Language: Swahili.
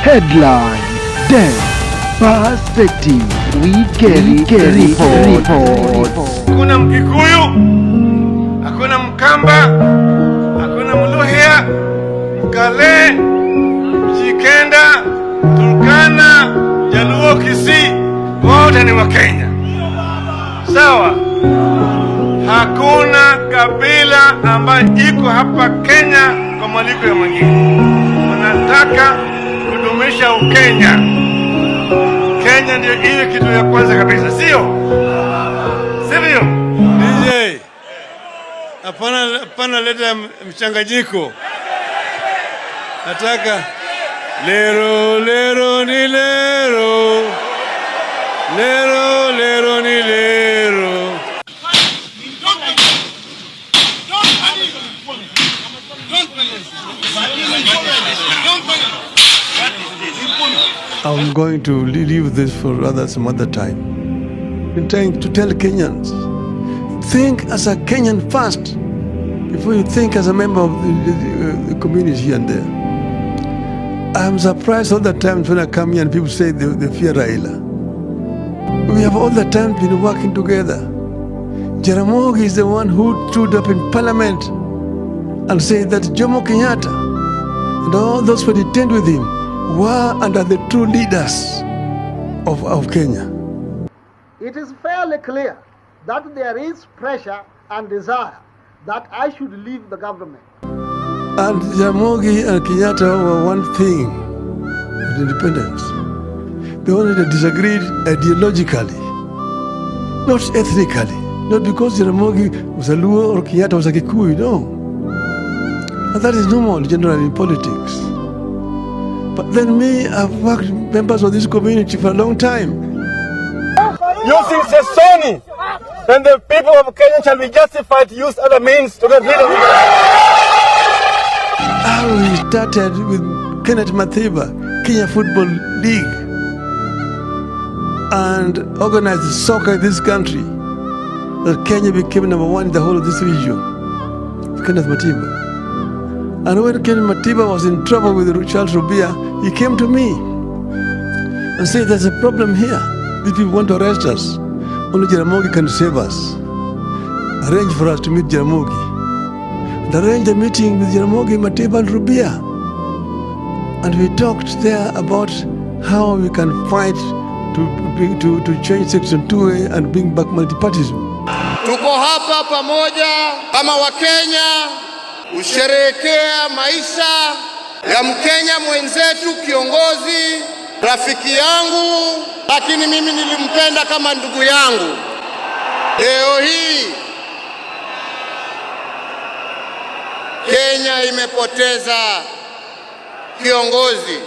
Headline Day Perspective Weekend Report. Hakuna Mkikuyu, hakuna Mkamba, hakuna Mluhya, Mkale, Mjikenda, Turkana, Jaluo, kisi wote ni kenya sawa. Hakuna kabila ambayo iko hapa Kenya kwa mwaliko ya mwingine. Wanataka kuutambulisha Ukenya. Kenya ndio ile kitu ya kwanza kabisa, sio sivyo? DJ, hapana, hapana, leta mchanganyiko, nataka lero lero nile I'm going to leave this for rather some other time. I'm trying to tell Kenyans, think as a Kenyan first before you think as a member of the, the, uh, the community here and there. I'm surprised all the times when I come here and people say they, they fear Raila. We have all the time been working together. Jaramogi is the one who stood up in parliament and said that Jomo Kenyatta and all those who detained with him were under the true leaders of, of Kenya. It is fairly clear that there is pressure and desire that I should leave the government. And Jamogi and Kenyatta were one thing with independence. They only disagreed ideologically, not ethnically, not because Jaramogi was a Luo or Kenyatta was a Kikuyu, no. And that is normal generally in politics. But then me, I've worked with members of this community for a long time. Using Sony, then the people of Kenya shall be justified to use other means to get rid of it. How started with Kenneth Mathiba, Kenya Football League, and organized soccer in this country, that Kenya became number one in the whole of this region. Kenneth Matiba. And when Ken Matiba was in trouble with Charles Rubia, he came to me and said, There's a problem here. These people want to arrest us. Only Jaramogi can save us. Arrange for us to meet Jaramogi. And arrange a meeting with Jaramogi, Matiba, and Rubia. And we talked there about how we can fight to, to, to change section 2A and bring back multipartism. Tuko hapa pamoja kama Wakenya kusherehekea maisha ya Mkenya mwenzetu, kiongozi, rafiki yangu, lakini mimi nilimpenda kama ndugu yangu. Leo hii Kenya imepoteza kiongozi.